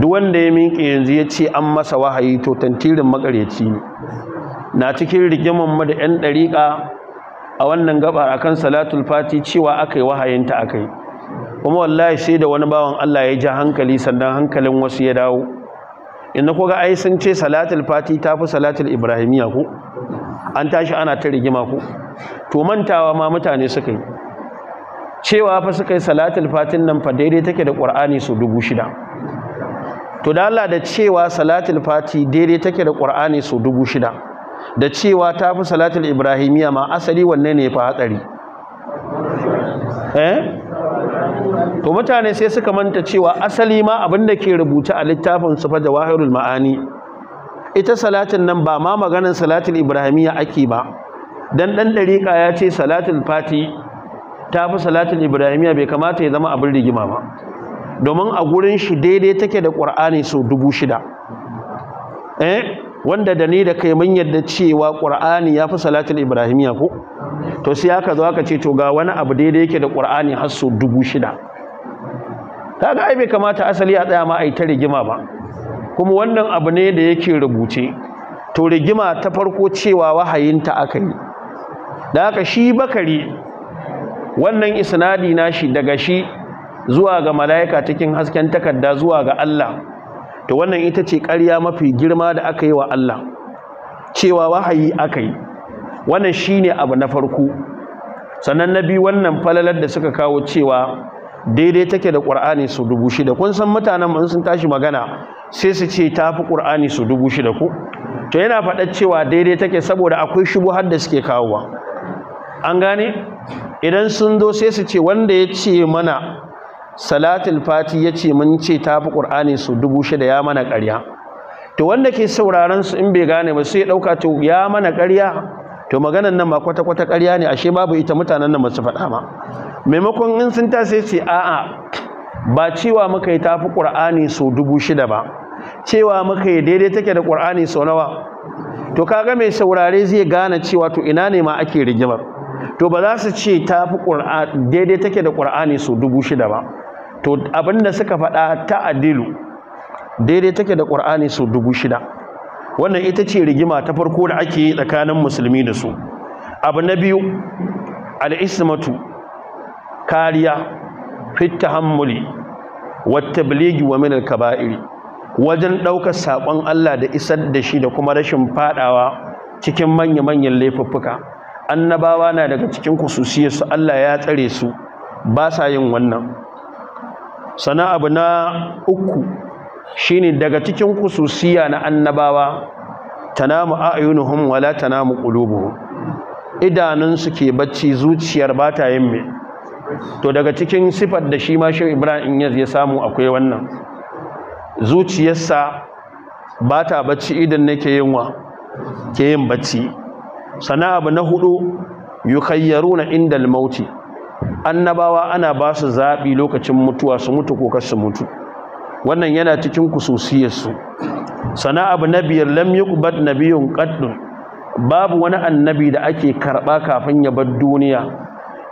duk wanda ya miƙe yanzu ya ce an masa wahayi to tantirin makaryaci ne na cikin rigiman mu da 'yan ɗariƙa a wannan gaba, akan salatul fati cewa aka yi wahayinta aka yi kuma wallahi sai da wani bawan Allah ya ji hankali sannan hankalin wasu ya dawo inda kuga ai sun ce salatul fati ta fi salatul ibrahimiya ku an tashi ana ta rigima ku to mantawa ma mutane suka yi cewa fa suka yi salatul fatin nan fa daidai take da qur'ani su dubu shida to da Allah da cewa salatul fati daidai take da qur'ani su dubu shida da cewa ta fi salatul ibrahimiya ma asali wanne ne fa hatsari eh to mutane sai suka manta cewa asali ma abin da ke rubuta a littafin su fa jawahirul ma'ani ita salatin nan ba ma maganar salatul ibrahimiya ake ba dan dan dariqa ya ce salatul fati ta fi salatul ibrahimiya bai kamata ya zama abin rigima ba domin a gurin shi daidai take da ƙur'ani sau dubu shida eh wanda da ni da kai mun yadda cewa ƙur'ani ya fi Ibrahim ya ko to sai aka zo aka ce to ga wani abu daidai yake da ƙur'ani har sau dubu shida ga ai bai kamata asali a tsaya ma a yi ta rigima ba kuma wannan abu ne da yake rubuce to rigima ta farko cewa wahayinta aka yi da aka shi bakari wannan isnadi na shi daga shi zuwa ga mala'ika cikin hasken takarda zuwa ga Allah to wannan ita ce ƙarya mafi girma da aka yi wa Allah cewa wahayi aka yi wannan shine abu na farko sannan na biyu wannan falalar da suka kawo cewa daidai take da ƙur'ani su dubu shida kun san mutanen mun sun tashi magana sai su ce ta fi ƙur'ani su dubu shida ko to yana faɗa cewa daidai take saboda akwai har da suke kawowa an gane idan sun zo sai su ce wanda ya ce mana salatul fati ya ce mun ce ta fi ƙur'ani su dubu shida ya mana ƙarya to wanda ke sauraron su in bai gane ba sai ɗauka to ya mana ƙarya to maganan nan ma kwata-kwata ƙarya ne ashe babu ita mutanen nan masu faɗa ma maimakon in sun ta sai ce a'a ba cewa muka yi tafi ƙur'ani su dubu shida ba cewa muka yi daidai take da ƙur'ani sau nawa to kaga mai saurare zai gane cewa to ina ne ma ake rigimar to ba za su ce tafi daidai take da ƙur'ani su dubu shida ba to abinda suka faɗa ta adilu daidai take da ƙur'ani sau dubu shida wannan ita ce rigima ta farko da ake yi tsakanin musulmi da su abu na biyu al'ismatu kariya fitta hammuli wata biligi wa minal kaba'iri wajen ɗaukar saƙon Allah da isar da shi da kuma rashin faɗawa cikin manya-manyan laifuffuka annabawa na daga cikin kususiyarsu Allah ya tsare su ba sa yin wannan sana abu na uku shine daga cikin kususiya na annabawa tanamu a'yunuhum wala tanamu qulubuhum idanunsu ke bacci zuciyar ba ta yin mai to daga cikin sifar da shi ma shi ibrahim yaz ya samu akwai wannan zuciyarsa ba ta bacci idan ke yin wa ke yin bacci sana abu na hudu na inda mauti annabawa ana ba su zaɓi lokacin mutuwa su mutu ko su mutu wannan yana cikin kususiyarsu sana abu na biyar lam na biyun ƙaddun babu wani annabi da ake karɓa kafin ya bar duniya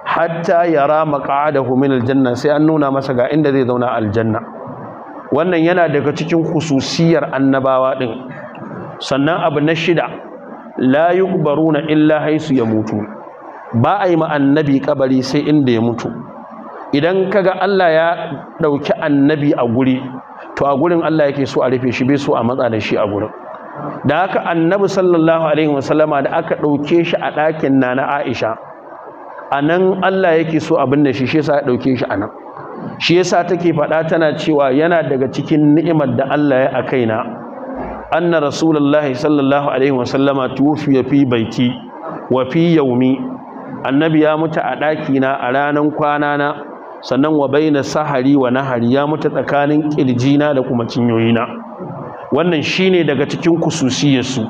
hatta rama ƙa'ada min aljanna sai an nuna masa ga inda zai zauna aljanna wannan yana daga cikin kususiyar annabawa ɗin. sannan abu na shida la na illa haisu ya mutu. ba a yi ma annabi kabari sai inda ya mutu idan kaga Allah ya ɗauki annabi a guri to a gurin Allah yake so a rufe shi bai so a matsa da shi a gurin da haka annabi sallallahu alaihi wasallama da aka ɗauke shi a ɗakin na na Aisha a nan Allah yake so abin da shi shi yasa ya ɗauke shi a nan shi yasa take faɗa tana cewa yana daga cikin ni'imar da Allah ya a kaina anna rasulullahi sallallahu alaihi wasallama tuwfiya fi baiti wa fi yaumi annabi ya mutu a ɗakina a ranan kwanana sannan wa baina sahari wa nahari ya mutu tsakanin ƙirjina da kuma cinyoyina wannan shine daga cikin kususiyarsu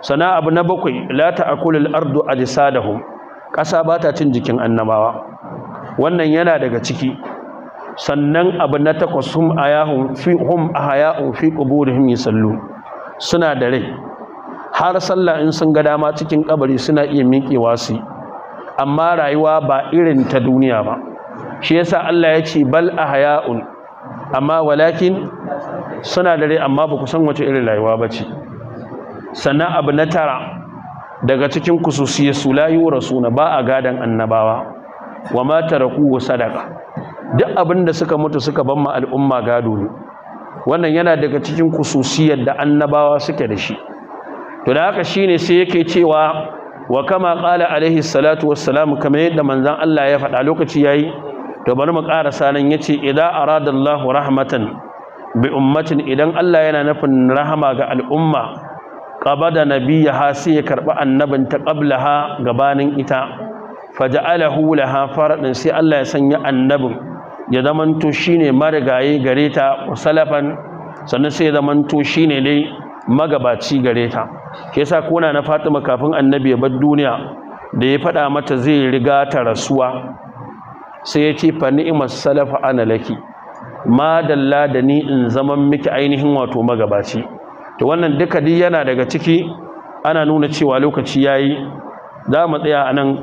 sana abu na bakwai la ta'kulul ardu ajsadahum ƙasa ba ta cin jikin annabawa wannan yana daga ciki sannan abu na takwas hum ayahum fi hum ahya'un fi quburihim yusallu suna da rai har sallah in sun ga dama cikin kabari suna iya miƙewa su amma rayuwa ba irin ta duniya ba shi yasa Allah ya ce bal ahya'un amma walakin suna dare amma ba ku san wace irin rayuwa ba ce sannan abu na tara daga cikin kususiyar su la yurasuna ba a gadan annabawa wa ma taraku sadaka duk abin da suka mutu suka ban ma al'umma gado ne wannan yana daga cikin kususiyar da annabawa suke da shi to da haka shine sai yake cewa wa kama qala alaihi salatu wassalam kamar yadda manzon Allah ya faɗa lokaci yayi to bari mu ƙarasa nan yace idza aradallahu rahmatan bi ummatin idan Allah yana nufin rahama ga al'umma qabada nabiyha sai ya karba annabin ta qablaha gabanin ita faja'alahu laha faradin sai Allah ya sanya annabin ya zamanto shine marigayi gareta ta salafan sannan sai ya zamanto shine dai magabaci gareta. ta ke sa kona na fatima kafin annabi ya bar duniya da ya faɗa mata zai riga ta rasuwa sai ya ce fa ni'imar salafa ana laki ma dalla da ni in zaman miki ainihin wato magabaci to wannan duka dai yana daga ciki ana nuna cewa lokaci yayi za mu tsaya anan